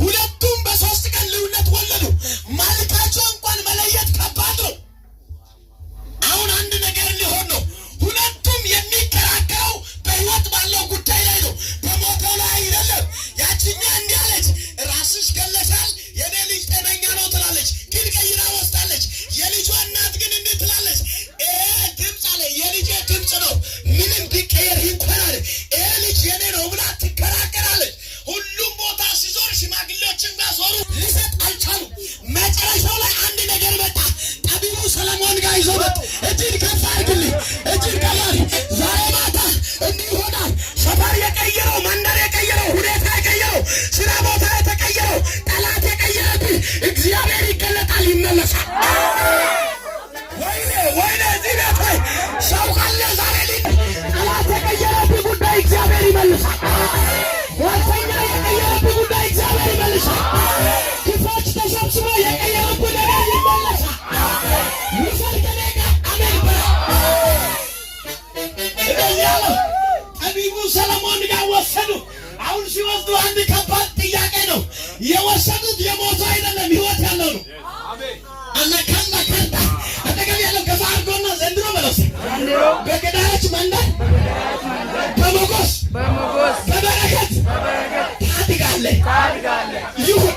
know ደግሞ አንድ ከባድ ጥያቄ ነው። የወሰዱት የሞቱ አይደለም ህይወት ያለው ነው። አናካና ካንታ አጠገብ ያለው ገዛ አድርጎና ዘንድሮ በለስ በገዳዮች መንደር በሞገስ በበረከት ታድጋለህ ይሁን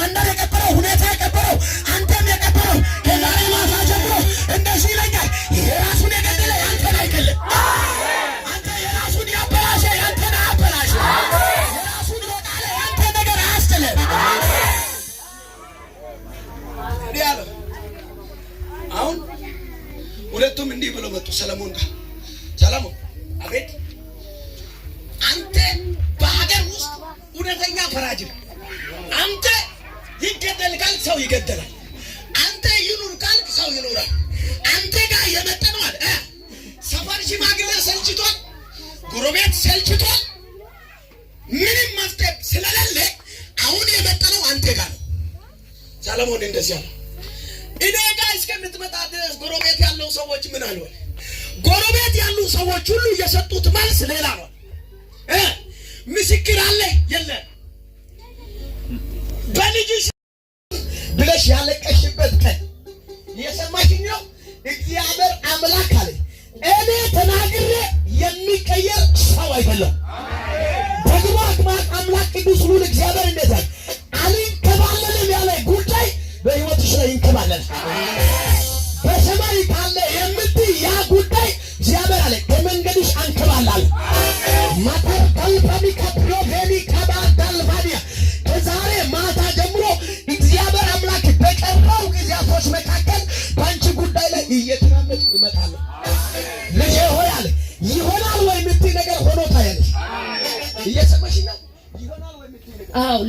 መናር የቀበረው ሁኔታ የቀበረው አንተም የቀበረው ከዛሬ ማታ ጀምሮ እንደዚህ ይለኛል። የራሱን የገደለ ያንተን አይገለም። አንተ የራሱን ያበላሸ የራሱን ሮቃለ ያንተ ነገር አያስጥልም። እንዲህ አሁን ሁለቱም እንዲህ መጡ ሰለሞን ጋር ሰለሞን እግዚአብሔር እኔ ጋር እስከምትመጣ ድረስ ጎረቤት ያለው ሰዎች ምን አሉ ጎረቤት ያሉ ሰዎች ሁሉ የሰጡት መልስ ሌላ ነው። ምስክር አለ የለ በልጅሽ ብለሽ ያለቀሽበት ቀን የሰማሽኝ ነው። እግዚአብሔር አምላክ አለ እኔ ተናግሬ የሚቀየር ሰው አይደለም።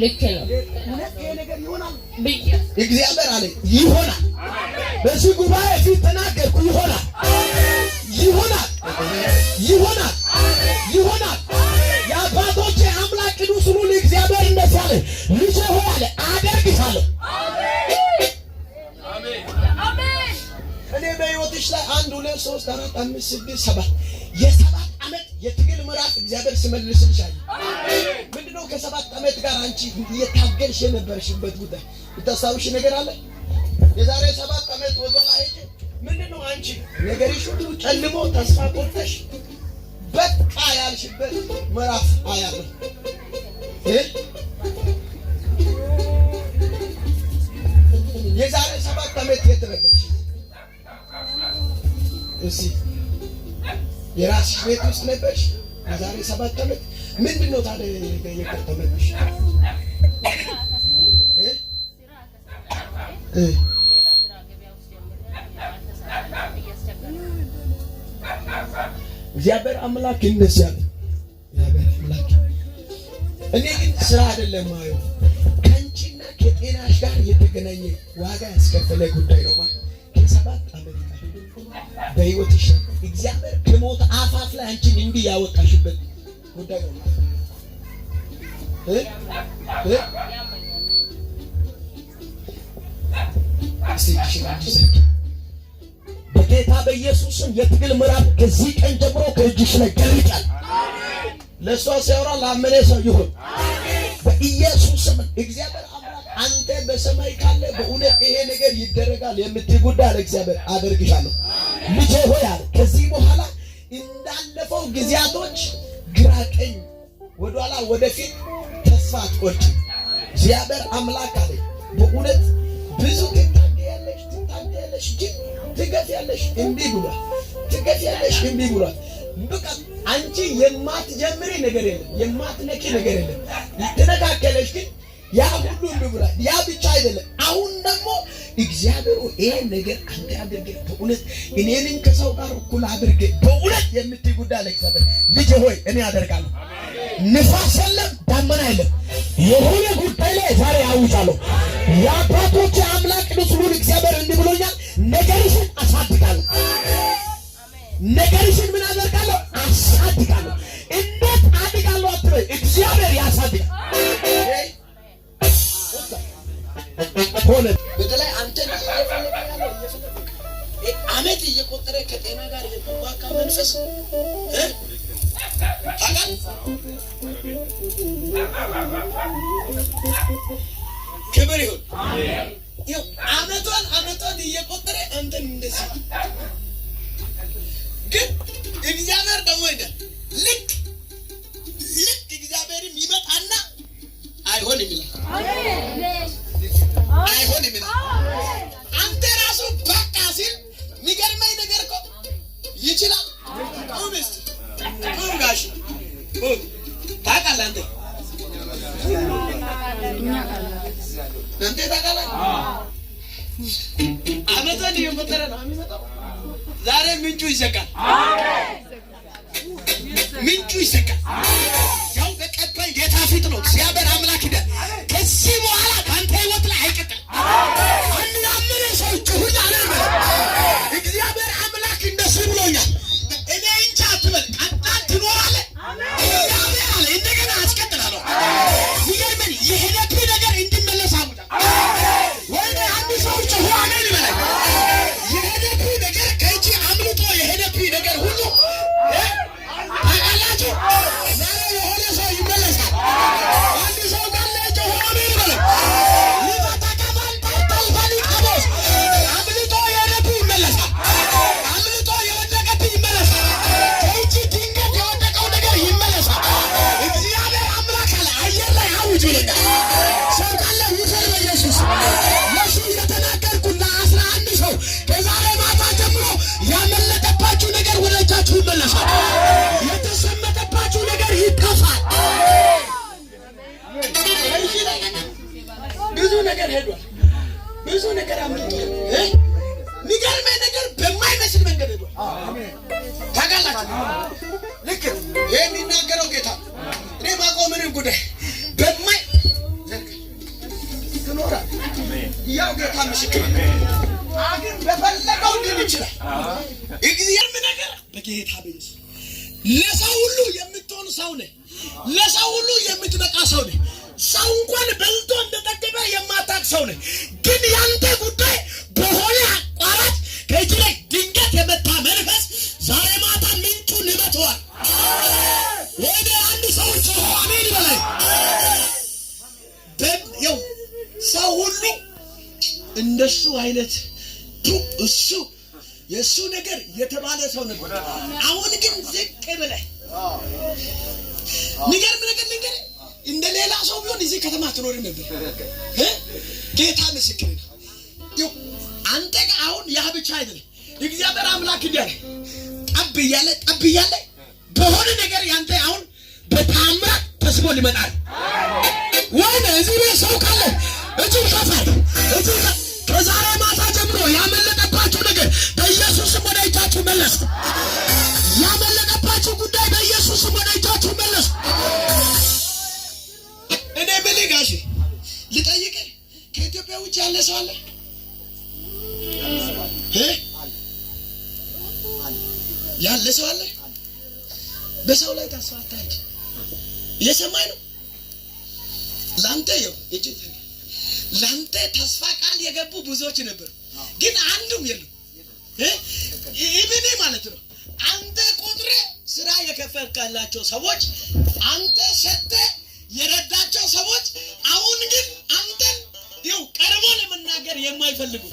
ልክ ነው እግዚአብሔር አለ ይሆናል። በዚህ ጉባኤ ፊት ተናገርኩ። ይሆናል፣ ይሆናል፣ ይሆናል፣ ይሆናል። የአባቶቼ አምላክ ቅዱስ ሉል እግዚአብሔር እንደዚህ አለ፣ ልጅ ሆይ አለ አደርግሻለሁ። እኔ በሕይወትሽ ላይ አንድ ሁለት ሶስት አራት አምስት ስድስት ሰባት የሰባት ዓመት የትግል ምዕራፍ እግዚአብሔር ሲመልስልሻል። ከሰባት ዓመት ጋር አንቺ እየታገልሽ የነበርሽበት ጉዳይ የታሳብሽ ነገር አለ። የዛሬ ሰባት ዓመት ወዘላ ሄጅ ምንድን ነው አንቺ ነገርሽ ሁሉ ጨልሞ ተስፋ ቆርተሽ በቃ ያልሽበት ምዕራፍ አያለሁ የዛሬ ሰባት ዓመት የት ነበርሽ? እሺ የራስሽ ቤት ውስጥ ነበርሽ የዛሬ ሰባት ዓመት ምንድን ነው ታዲያ የከተመብሽ? እግዚአብሔር አምላክ ይነሳል። እኔ ግን ስራ አይደለም ማለት ከአንቺና ከጤናሽ ጋር የተገናኘ ዋጋ ያስከፈለ ጉዳይ ነው ማለት ከሰባት ዓመት በህይወትሽ እግዚአብሔር ከሞት አፋፍ ላይ አንቺን እንዲህ ያወጣሽበት ጉዳይ ነው። በጌታ በኢየሱስም የትግል ምዕራፍ ከዚህ ቀን ጀምሮ ከእጅሽ ላይ ገልጫል። ለእሷ ሲያወራ ለአመኔ ሰው ይሁን በኢየሱስም እግዚአብሔር አምላክ አንተ በሰማይ ካለ በእውነት ይሄ ነገር ይደረጋል የምትይ ጉዳይ አለ እግዚአብሔር አደርግሻለሁ ልጄ ሆይ አለ ከዚህ በኋላ እንዳለፈው ጊዜያቶች ግራ ቀኝ፣ ወደኋላ ወደፊት ተስፋ አትቆርጭ። እግዚአብሔር አምላክ አለ። በእውነት ብዙ ትታገያለሽ፣ ትታገያለሽ፣ ግን ትገፊያለሽ። እንዲህ ብሏል፣ ትገፊያለሽ። እንዲህ ብሏል። በቃ አንቺ የማትጀምሪ ነገር የለም፣ የማትነቂ ነገር የለም። ትነካከለሽ ግን ያ ሁሉ ብሏል። ያ ብቻ አይደለም። አሁን ደግሞ እግዚአብሔር ይሄ ነገር አንተ አድርገህ በእውነት እኔንን ከሰው ጋር እኩል አድርገህ በእውነት የምትይ ጉዳይ ለእግዚአብሔር ልጅ ሆይ እኔ አደርጋለሁ። ንፋስ የለም፣ ዳመና የለም። የሆነ ጉዳይ ላይ ዛሬ አውጃለሁ። የአባቶች አምላክ ቅዱስ ሁሉ እግዚአብሔር እንዲህ ብሎኛል፣ ነገርሽን አሳድጋለሁ። ነገርሽን ምን አደርጋለሁ? አሳድጋለሁ። እንዴት አድጋለሁ? አትበይ፣ እግዚአብሔር ያሳድጋል። ሆነ በተለይ አንተን አመት እየቆጠረ ከጤና ጋር የሚዋጋ መንፈስ ክብር ይሁን። ልክ የሚናገረው ጌታ እኔ ማውቀው ምንም ጉዳይ በማይ ትኖራል። ያው ጌታ ምስክር አግን በፈለገው ግን ይችላል። እግዚአብሔር ነገር በጌታ ቤት ለሰው ሁሉ የምትሆን ሰው ነህ። ለሰው ሁሉ የምትበቃ ሰው ነህ። ሰው እንኳን በልቶ እንደጠገበ የማታውቅ ሰው ነህ። ግን ያንተ ሰው ነበር። አሁን ግን ዝቅ ብለህ ንገርም ነገር ልንገር፣ እንደ ሌላ ሰው ቢሆን እዚህ ከተማ አትኖርም ነበር። ጌታ ምስክር አንተ ጋር አሁን ያ ብቻ አይደለም። እግዚአብሔር አምላክ እንዲያለ ጠብ እያለ ጠብ እያለ በሆነ ነገር ያንተ አሁን በታምራት ተስቦ ሊመጣል ወይነ እዚህ ቤት ሰው ካለ እጅ ከፋል ከዛሬ ማታ ጀምሮ ያመለ በኢየሱስም ወደ እጃችሁ መለስ። ያመለጠባችሁ ጉዳይ በኢየሱስም ወደ እጃችሁ መለስ። እኔ የምልህ ጋሼ ልጠይቅህ፣ ከኢትዮጵያ ውጭ ያለ ሰው አለ? ያለ ሰው አለ? በሰው ላይ ተስፋ አታድርግ። ነው ላንተ ይኸው እጅ ለአንተ ተስፋ ቃል የገቡ ብዙዎች ነበሩ፣ ግን አንዱም የሉም። ኢብኒ ማለት ነው። አንተ ቁጥር ስራ የከፈልካላቸው ሰዎች አንተ ሰተ የረዳቸው ሰዎች አሁን ግን አንተን ይኸው ቀርቦ ለመናገር የማይፈልጉ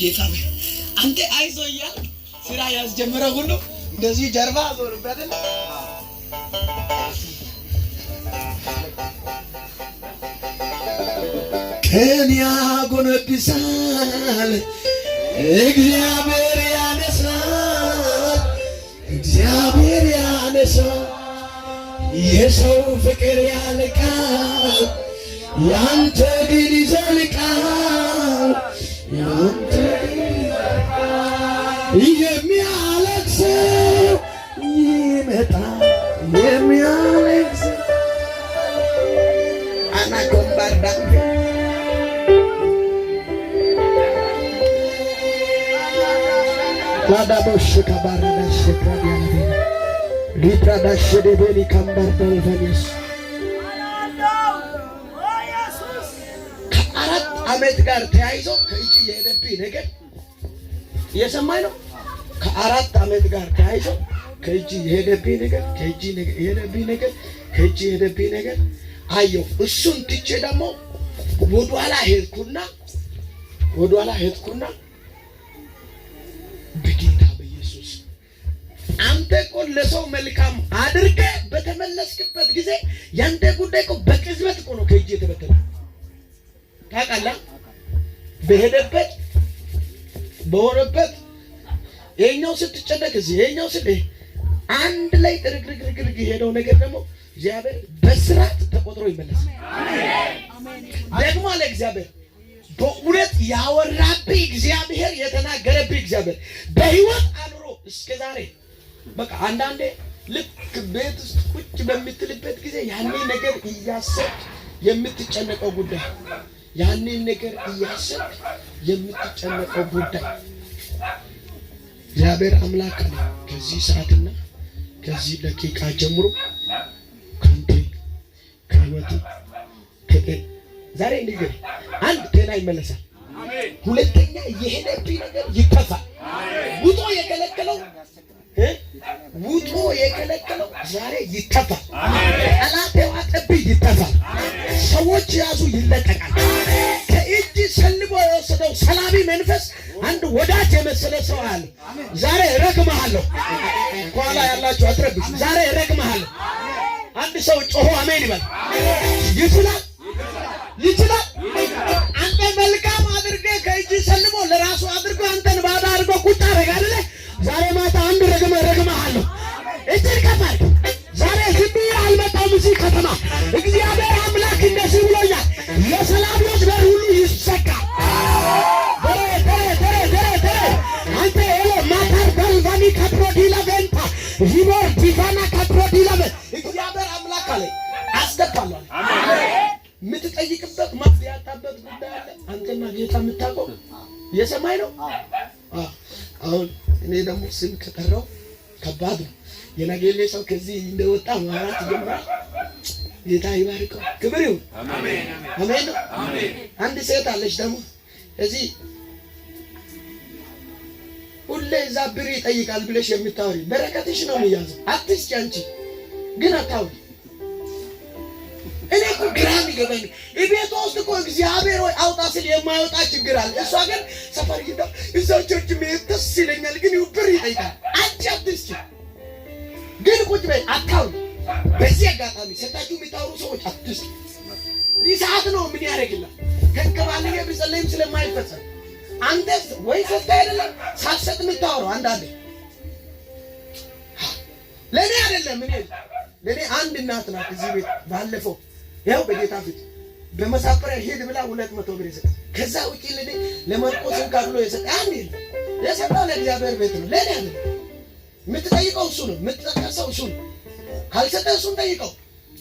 ጌታ አንተ አይዞ እያል ስራ ያስጀምረ ሁሉ እንደዚህ ጀርባ ዞርበትን ከንያ ጎነብሳል እግዚአብሔር ያነሳል፣ እግዚአብሔር ያነሳል። የሰው ፍቅር ያልቃል፣ ያንተ ግን ይዘልቃል፣ ያንተ ግን ይዘልቃል። ላዳሞሽከ ባረዳሸክራዲያለቤ ሊፕራዳሸደቤ ሊከምበርደልፈንስ ከአራት ዓመት ጋር ተያይዞ ከእጅ የሄደብኝ ነገር እየሰማኝ ነው። ከአራት ዓመት ጋር ተያይዞ ከእጅ የሄደብኝ ነገር ከእጅ የሄደብኝ ነገር ከእጅ የሄደብኝ ነገር አየሁ። እሱን ትቼ ደግሞ ወደኋላ ሄድኩና ወደኋላ ሄድኩና አንተ እኮ ለሰው መልካም አድርገ በተመለስክበት ጊዜ ያንተ ጉዳይ እኮ በቅጽበት እኮ ነው ከእጅ የተበተነ ታውቃለህ። በሄደበት በሆነበት ይሄኛው ስትጨነቅ እዚህ ይሄኛው ስ አንድ ላይ ጥርግርግርግርግ የሄደው ነገር ደግሞ እግዚአብሔር በስርዓት ተቆጥሮ ይመለስ። ደግሞ አለ እግዚአብሔር በእውነት ያወራብህ እግዚአብሔር የተናገረብህ እግዚአብሔር በህይወት አኑሮ እስከ ዛሬ በቃ አንዳንዴ ልክ ቤት ውስጥ ቁጭ በምትልበት ጊዜ ያን ነገር እያሰብክ የምትጨነቀው ጉዳይ ያንን ነገር እያሰብክ የምትጨነቀው ጉዳይ እግዚአብሔር አምላክ ነው። ከዚህ ሰዓትና ከዚህ ደቂቃ ጀምሮ ከአንተ ከህይወቱ ዛሬ ንግር አንድ ጤና ይመለሳል። ሁለተኛ የሄደብኝ ነገር ይጠፋል። ውጦ የከለከለው ውጡ የከለከለው ዛሬ ይተፋል። ጠላት የዋጠብህ ይተፋል። ሰዎች ያዙ ይለቀቃል። ከእጅ ሰልቦ የወሰደው ሰላቢ መንፈስ አንድ ወዳጅ የመሰለ ሰው አለ። ዛሬ ረግመሃለሁ። ከኋላ ያላችሁ አትረብሹ። ዛሬ ረግመሃለሁ። አንድ ሰው ጮሆ አሜን ይበል። ይችላል፣ ይችላል። አንተ መልካም አድርገህ ከእጅ ሰልቦ ለራሱ አድርጎ አንተን ባዳ አድርጎ ቁጣ ረጋለህ ዛሬ ማታ አንድ ረግመ ረግመ አለሁ እጅን ከፋል። ዛሬ ዝም አልመጣም እዚህ ከተማ። እግዚአብሔር አምላክ እንደዚህ ብሎኛል። የሰላም በር ሁሉ ይዘጋል። አንተ ሎ ማታር በልቫኒ ከድሮ ዲለቬንታ ሂኖር እግዚአብሔር አምላክ አለ አስገባለሁ የምትጠይቅበት ማት ያጣበት ጉዳይ አለ። አንተና ጌታ የምታውቀው የሰማይ ነው አሁን እኔ ደግሞ ስም ከጠራው ከባድ ነው። የናጌሌ ሰው ከዚህ እንደወጣ ማራት ጀምራል። ጌታ ይባርከው፣ ክብር ይሁን። አሜን ነው። አንድ ሴት አለች ደግሞ እዚህ ሁሌ እዛ ብር ይጠይቃል ብለሽ የምታወሪ በረከትሽ ነው የሚያዘው። አትስጪ አንቺ ግን አታውሪ እኔ እኮ ግራ የሚገባኝ ቤቷ ውስጥ እኮ እግዚአብሔር ወይ አውጣ ስል የማይወጣ ችግር አለ። እሷ ግን ሰፈር ሂዳ እዛ ቸርች መሄድ ደስ ይለኛል፣ ግን ይኸው ብር ይጠይቃል። አንቺ አትስችም፣ ግን ቁጭ በይ አታውሪ። በዚህ አጋጣሚ ሰጣችሁ የሚታወሩ ሰዎች አትስች። ይህ ሰዓት ነው ምን ያደርግላል? ከከባልየ ብጸለይም ስለማይፈጸም አንተ ወይ ሰጥተህ አይደለም ሳትሰጥ የምታወራው አንዳንዴ ለእኔ አይደለም እኔ ለእኔ አንድ እናት ናት እዚህ ቤት ባለፈው ያው በጌታ ፊት በመሳፈሪያ ሄድ ብላ ሁለት መቶ ብር ይሰጥ። ከዛ ውጭ ለዲ ለመርቆስ የሰጠ ይሰጥ። አንዴ የሰጠው ለእግዚአብሔር ቤት ነው። ለኔ አለ የምትጠይቀው፣ እሱ ነው የምትጠቀሰው፣ እሱ ነው ካልሰጠ እሱን ጠይቀው።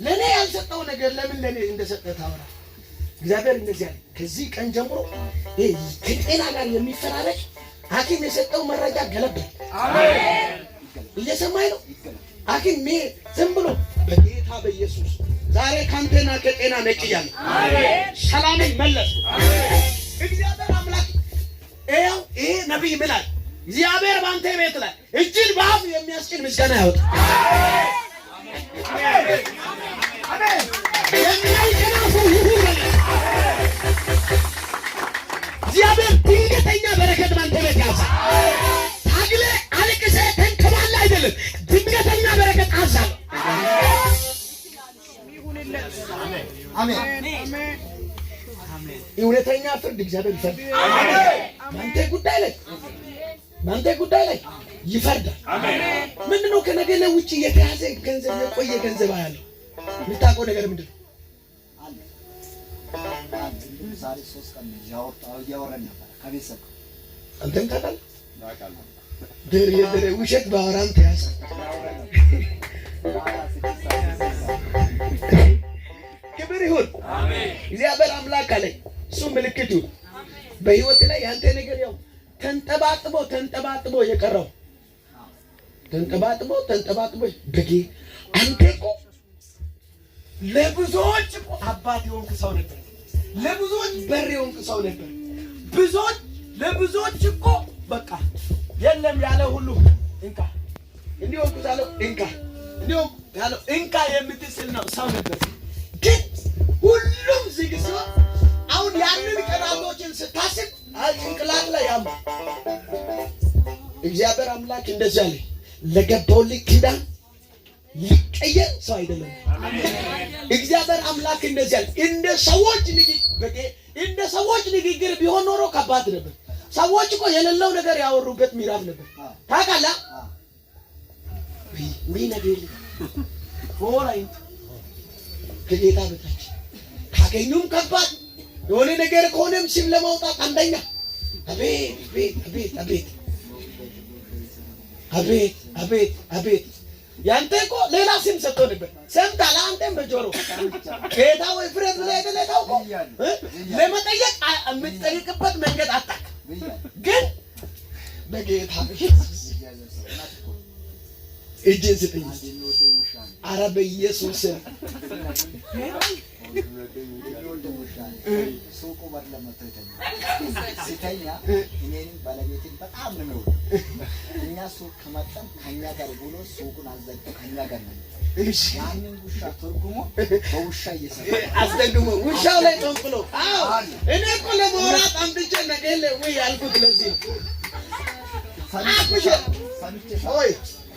ለኔ ያልሰጠው ነገር ለምን ለኔ እንደሰጠ ታወራ። እግዚአብሔር እንደዚህ አለ፣ ከዚህ ቀን ጀምሮ ከጤና ጋር የሚፈራረቅ ሐኪም የሰጠው መረጃ ገለበል። አሜን። እየሰማኝ ነው ሐኪም ዝም ብሎ በጌታ በኢየሱስ ዛሬ ካንተና ከጤና ነጭ ያለ ሰላምን መለሱ። እግዚአብሔር አምላክ ይኸው ይሄ ነቢይ ምላል እግዚአብሔር በአንተ ቤት ላይ እጅን በአፍ የሚያስችል ምስጋና ያወጣ እግዚአብሔር ድንገተኛ በረከት ባንተ ቤት ያውሳ። ታግለ አልቅሰ ተንከባለ አይደለም ድንገተኛ በረከት አዛለ እውነተኛ ፍርድ እግዚአብሔር ይፈርዳል። በአንተ ጉዳይ ላይ በአንተ ጉዳይ ላይ ይፈርዳል። ምንድን ነው ከነገለ ውጭ የተያዘ ገንዘብ የቆየ ገንዘብ ያለው የምታውቀው ነገር ምንድን ነው? አንተም ታውቃለህ። ድር ውሸት በአውራም ተያዘ ክብር ይሁን። እግዚአብሔር አምላክ አለኝ። እሱ ምልክቱ በህይወት ላይ ያንተ ነገር ያው ተንጠባጥቦ ተንጠባጥቦ የቀረው ተንጠባጥቦ ተንጠባጥቦ በጌ አንተ እኮ ለብዙዎች እኮ አባት የሆንክ ሰው ነበር። ለብዙዎች በር የሆንክ ሰው ነበር። ብዙዎች ለብዙዎች እኮ በቃ የለም ያለ ሁሉ እንካ እንዲሁ ያለው እንካ እንዲሁ ያለው እንካ የምትስል ነው ሰው ነበር። እግዚአብሔር አምላክ እንደዚህ አለ፣ ለገባው ኪዳን ሊቀየር ሰው አይደለም። እግዚአብሔር አምላክ እንደዚህ አለ። እንደ ሰዎች እንደ ሰዎች ንግግር ቢሆን ኖሮ ከባድ ነበር። ሰዎች እኮ የሌለው ነገር ያወሩበት ምዕራፍ ነበር። ታውቃለህ ወይ ነገር ሆራይ ከጌታ በታች ካገኙም ከባድ የሆነ ነገር ከሆነም ስም ለማውጣት አንደኛ አቤት አቤት አቤት አቤት አቤት አቤት አቤት ያንተ እኮ ሌላ ስም ሰጥቶ ነበር። ሰምታል አንተም በጆሮ ጌታ ወይ ፍሬድ ብለህ የተለጠው እኮ ለመጠየቅ የምጠይቅበት መንገድ አጣክ ግን በጌታ እጅ ስጠኝ። አረ በኢየሱስ ሱቁ በር ለመቶ ይተኛ ሲተኛ እኔንም ባለቤቴን በጣም ነው። እኛ ሱቅ ከመጣን ከኛ ጋር ብሎ ሱቁን አዘጋ ከኛ ጋር ነው። ያንን ውሻ ተርጉሞ በውሻ እየሰራ አስደግሞ ውሻው ላይ ጠንቅሎ እኔ እኮ ለመውራት አምድጀ ነገ ወይ አልኩት ለዚህ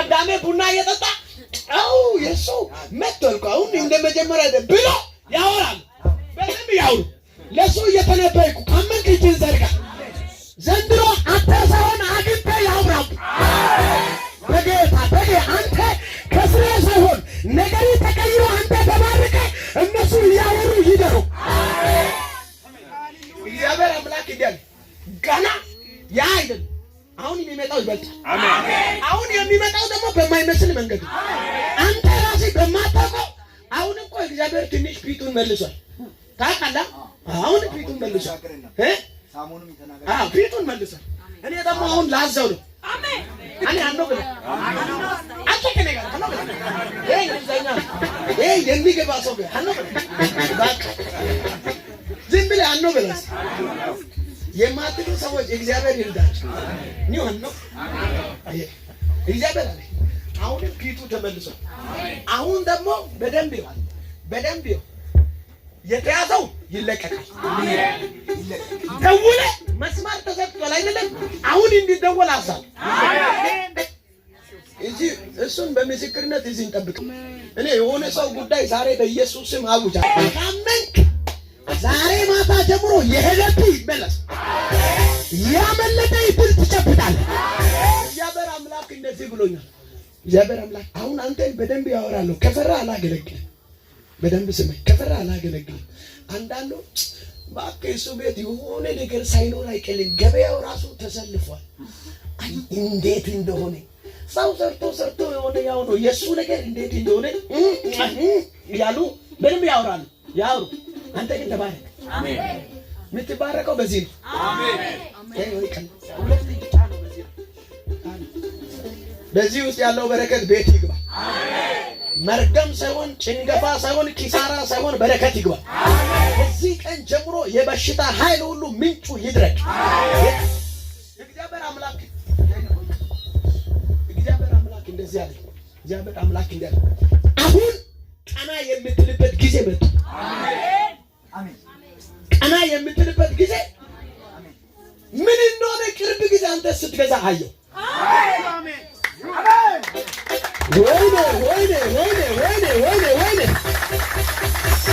አዳሜ ቡና እየጠጣ አው የሱ መጥቷል አሁን እንደ መጀመሪያ ብሎ ያወራል። በደንብ ያውሩ። ለሱ እየተነበይኩ ካመንክ እጅን ዘርጋ። ዘንድሮ አንተ ሳይሆን አግብተ ያውራል። በጌታ በጌ አንተ ከስሬ ሳይሆን ነገሪ ተቀይሮ አንተ ተባርከ እነሱ እያወሩ ይደሩ። እግዚአብሔር አምላክ ይደል ገና ያ አይደል አሁን የሚመጣው ይበልጣል። አሁን የሚመጣው ደግሞ በማይመስል መንገድ አንተ ራስህ በማታውቀው አሁን እኮ እግዚአብሔር ትንሽ ፊቱን መልሷል። ታውቃለህ? አሁን ፊቱን መልሷል። ፊቱን መልሷል። እኔ ደግሞ አሁን ላዘው ነው። የሚገባ ሰው ዝም ብለህ አንዶ ብለህ የማትሉ ሰዎች እግዚአብሔር ይርዳችሁ። ኒሆን ነው እግዚአብሔር አለ። አሁንም ፊቱ ተመልሶ አሁን ደግሞ በደንብ ይዋል፣ በደንብ ይዋል። የተያዘው ይለቀቃል። ደውለ መስማት ተሰጥቷል አይደለም? አሁን እንዲደወል አዛል እዚ እሱን በምስክርነት እዚህ እንጠብቅ። እኔ የሆነ ሰው ጉዳይ ዛሬ በኢየሱስ ስም አውጃ ታመንክ ዛሬ ማታ ጀምሮ የሄደብህ ይመለስ። ያመለጠ ይብል ትጨብጣለህ። እግዚአብሔር አምላክ እንደዚህ ብሎኛል። እግዚአብሔር አምላክ አሁን አንተን በደንብ ያወራለሁ። ከፈራ አላገለግልም። በደንብ ስመኝ። ከፈራ አላገለግልም። አንዳንዱ እባክህ እሱ ቤት የሆነ ነገር ሳይኖር አይቀልም። ገበያው ራሱ ተሰልፏል። እንዴት እንደሆነ ሰው ሰርቶ ሰርቶ የሆነ ያው ነው የእሱ ነገር እንዴት እንደሆነ ያሉ በደንብ ያወራሉ። ያውሩ አንተ ግን ተባረክ። የምትባረቀው በዚህ ነው። በዚህ ውስጥ ያለው በረከት ቤት ይግባ። መርገም ሳይሆን ጭንገፋ ሳይሆን ኪሳራ ሳይሆን በረከት ይግባ። እዚህ ቀን ጀምሮ የበሽታ ኃይል ሁሉ ምንጩ ይድረቅ። እግዚአብሔር አምላክ እግዚአብሔር አምላክ እንደዚህ አለ። እግዚአብሔር አምላክ እንዲህ አለ። አሁን ቀና የምትልበት ጊዜ መጡ። ቀና የምትልበት ጊዜ ምን እንደሆነ ቅርብ ጊዜ አንተ ስትገዛ አየው። ወይኔ ወይኔ ወይኔ ወይኔ ወይኔ ወይኔ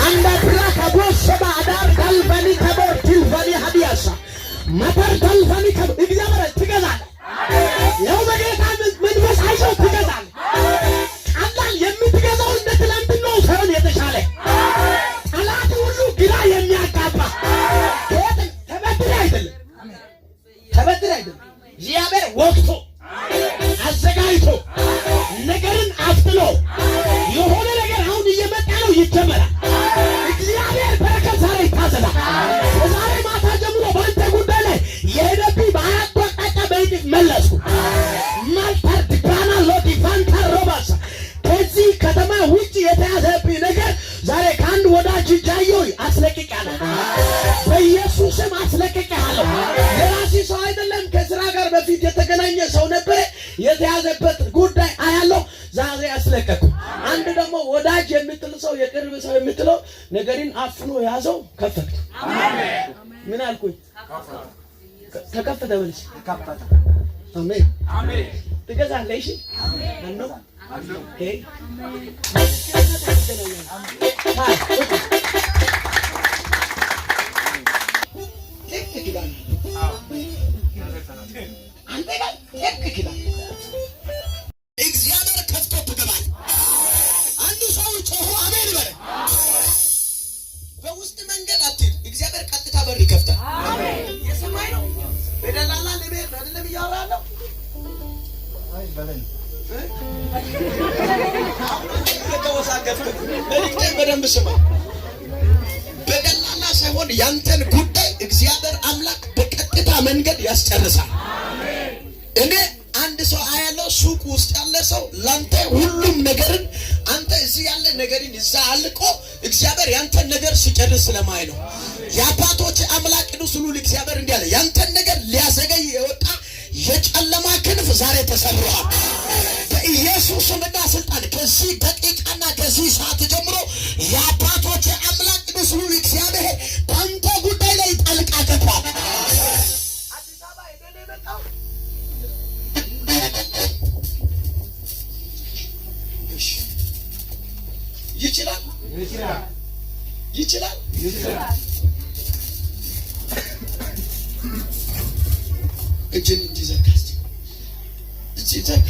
አንዳትራ ካቦስ ዛሬ አስለቀቁ። አንድ ደግሞ ወዳጅ የምትል ሰው የቅርብ ሰው የምትለው ነገሪን አፍኖ ያዘው ከፈተ። ምን አልኩኝ? ተከፈተ። መልስ ተከፈተ። አሜን አሜን። ትገዛለሽ? አሜን አሜን። ልክ አንተ ልክ ኪዳን በር ይከፍታል። የሰማይ ነው። በደላላ ለመሄድ አይደለም እያወራ ያለው በደንብ ስማ። በደላላ ሳይሆን ያንተን ጉዳይ እግዚአብሔር አምላክ በቀጥታ መንገድ ያስጨርሳል። እኔ አንድ ሰው አያለው ሱቅ ውስጥ ያለ ሰው ለአንተ ሁሉም ነገርን አንተ እዚህ ያለ ነገርን እዛ አልቆ እግዚአብሔር ያንተን ነገር ሲጨርስ ለማይ ነው። የአባቶች አምላክ ቅዱስ ሉል እግዚአብሔር እንዲህ አለ፣ ያንተን ነገር ሊያዘገይ የወጣ የጨለማ ክንፍ ዛሬ ተሰብሯል በኢየሱስ ስምና ስልጣን። ከዚህ ደቂቃና ከዚህ ሰዓት ጀምሮ የአባቶች አምላክ ቅዱስ ሉል እግዚአብሔር በአንተ ጉዳይ ላይ ጣልቃ ገባል። ይችላል ይችላል ይችላል እጅን እንዲዘጋ እዚህ ዘጋ።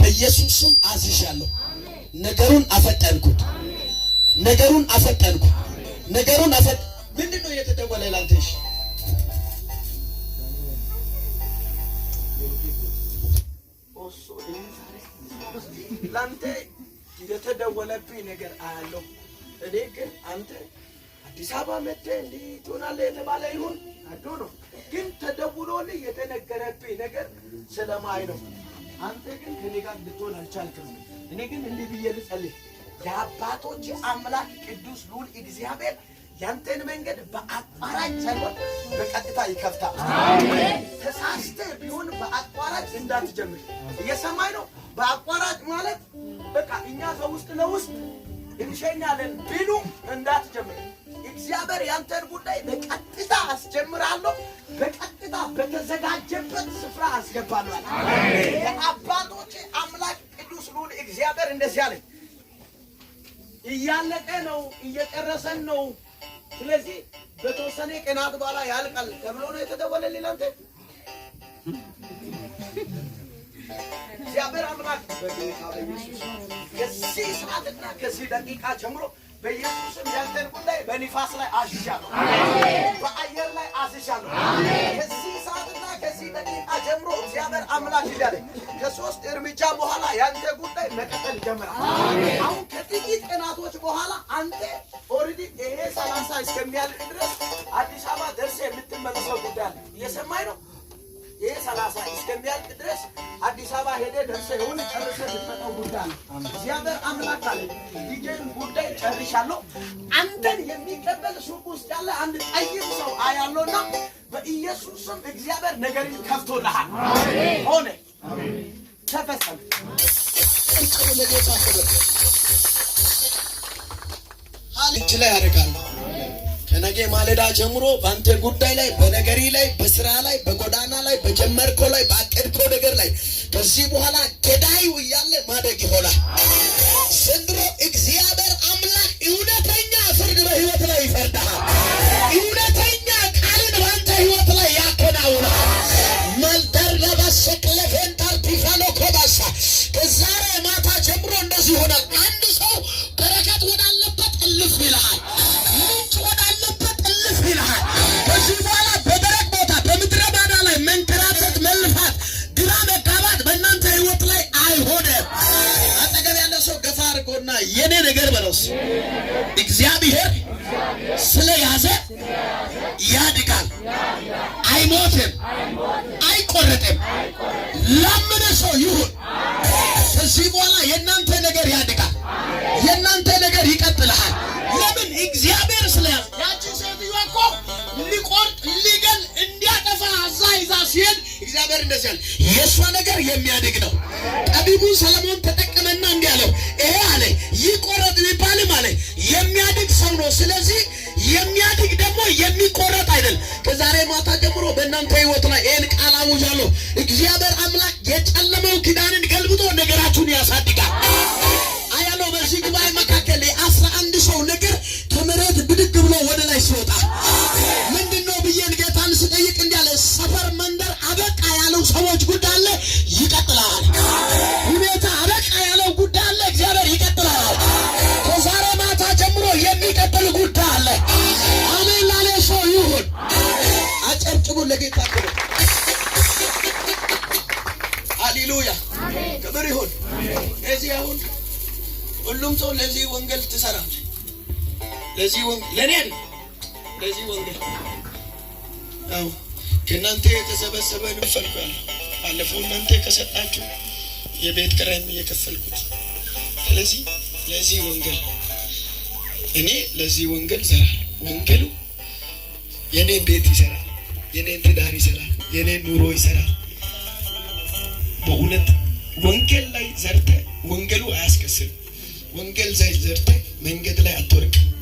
በኢየሱስ ስም አዝዣለሁ። ነገሩን አፈጠንኩት። ነገሩን አፈጠንኩት። ነገሩን አፈጥ ምንድን ነው እየተደወለ ላንተ? እሺ ላንተ የተደወለብኝ ነገር አያለሁ እኔ ግን አንተ አዲስ አበባ መጤ እንዲህ ትሆናለህ የተባለ ይሁን አዶ ነው። ግን ተደውሎልህ የተነገረብህ ነገር ስለማይ ነው። አንተ ግን ከኔ ጋር ልትሆን አልቻልክም። እኔ ግን እንዲህ ብዬ ልጸልህ። የአባቶች አምላክ ቅዱስ ልዑል እግዚአብሔር ያንተን መንገድ በአቋራጭ ሳይሆን በቀጥታ ይከፍታል። ተሳስተህ ቢሆን በአቋራጭ እንዳትጀምር። እየሰማኝ ነው? በአቋራጭ ማለት በቃ እኛ ከውስጥ ለውስጥ እንሸኛለን ቢሉ እንዳትጀምር እግዚአብሔር ያንተን ጉዳይ በቀጥታ አስጀምራለሁ፣ በቀጥታ በተዘጋጀበት ስፍራ አስገባለሁ። የአባቶች አምላክ ቅዱስ ልዑል እግዚአብሔር እንደዚህ አለኝ፣ እያለቀ ነው፣ እየጨረሰን ነው። ስለዚህ በተወሰነ ቀናት በኋላ ያልቃል ተብሎ ነው የተደወለልኝ። አንተ እግዚአብሔር አምላክ በጌታ በኢየሱስ ከዚህ ሰዓትና ከዚህ ደቂቃ ጀምሮ በኢየሱስም ያንተን ጉዳይ በንፋስ ላይ አዝዣለሁ፣ በአየር ላይ አዝዣለሁ። ከዚህ ሰዓትና ከዚህ ደቂቃ ጀምሮ እግዚአብሔር አምላክ እያለኝ ከሶስት እርምጃ በኋላ ያንተ ጉዳይ መቀጠል ይጀምራል። አሁን ከጥቂት ቀናቶች በኋላ አንተ ኦልሬዲ ይሄ ሰላሳ እስከሚያልቅ ድረስ አዲስ አበባ ደርሰህ የምትመለሰው ጉዳይ እየሰማኝ ነው። ይህ ሰላሳ እስከሚያልቅ ድረስ አዲስ አበባ ሄደ ደርሰ የሆነ ጨርሰ ልትመጣው ጉዳይ ነው። እግዚአብሔር አምላክ አለ ልጄን ጉዳይ ጨርሻለሁ። አንተን የሚቀበል ሱቅ ውስጥ ያለ አንድ ጠይም ሰው አያለውና በኢየሱስ ስም እግዚአብሔር ነገርን ከፍቶልሃል። ሆነ ተፈጸመ። እጅ ላይ ያደርጋለሁ ከነገ ማለዳ ጀምሮ በአንተ ጉዳይ ላይ፣ በነገሪ ላይ፣ በስራ ላይ፣ በጎዳና ላይ፣ በጀመርኮ ላይ፣ በአቀድኮ ነገር ላይ ከዚህ በኋላ ገዳዩ እያለ ማደግ ይሆናል። ዘንድሮ እግዚአብሔር አምላክ እውነተኛ ፍርድ በህይወት ላይ ይፈርዳል። አድርጎና የኔ ነገር በለውስ እግዚአብሔር ስለያዘ ያድጋል፣ አይሞትም፣ አይቆረጥም። ላመነ ሰው ይሁን። ከዚህ በኋላ የእናንተ ነገር ያድጋል፣ የእናንተ ነገር ይቀጥልሃል። ሊቆርጥ ሊገል እንዲያጠፋ አዛ ይዛ ሲሄድ እግዚአብሔር እንደዚህ አለ፣ የእሷ ነገር የሚያድግ ነው። ጠቢቡ ሰለሞን ተጠቀመና እንዲህ አለው፣ ይሄ አለ ይቆረጥ ቢባልም አለ የሚያድግ ሰው ነው። ስለዚህ የሚያድግ ደግሞ የሚቆረጥ አይደል። ከዛሬ ማታ ጀምሮ በእናንተ ህይወት ላይ ይህን ቃል አውጃለሁ። እግዚአብሔር አምላክ የጨለመው ኪዳንን ገልብጦ ነገራችሁን ያሳድጋል። አያለው በዚህ ጉባኤ መካከል የአስራ አንድ ሰው ነገር ከመሬት ብድግ ብሎ ወደ ላይ ሲወጣ ብዬን ጌታን ስጠይቅ እንዲያለ ሰፈር መንደር አበቃ ያለው ሰዎች ጉዳይ አለ፣ ይቀጥላል። ሁኔታ አበቃ ያለው ጉዳይ አለ፣ እግዚአብሔር ይቀጥላል። ከዛሬ ማታ ጀምሮ የሚቀጥል ጉዳይ አለ። አሜን ላለ ሰው ይሁን። አጨብጭቡ ለጌታ ብሎ ሃሌሉያ፣ ክብር ይሁን። እዚህ አሁን ሁሉም ሰው ለዚህ ወንጌል ትሰራለ። ለዚህ ወንጌል ለእኔ ለዚህ ወንጌል አዎ ከእናንተ የተሰበሰበ ልፈልጋል። ባለፈው እናንተ ከሰጣችሁ የቤት ኪራይም እየከፈልኩት። ስለዚህ ለዚህ ወንጌል እኔ ለዚህ ወንጌል ዘራል ወንጌሉ የኔን ቤት ይሰራል፣ የኔን ትዳር ይሰራል፣ የኔን ኑሮ ይሰራል። በእውነት ወንጌል ላይ ዘርተ ወንጌሉ አያስከስልም። ወንጌል ዘርተ መንገድ ላይ አትወርቅም።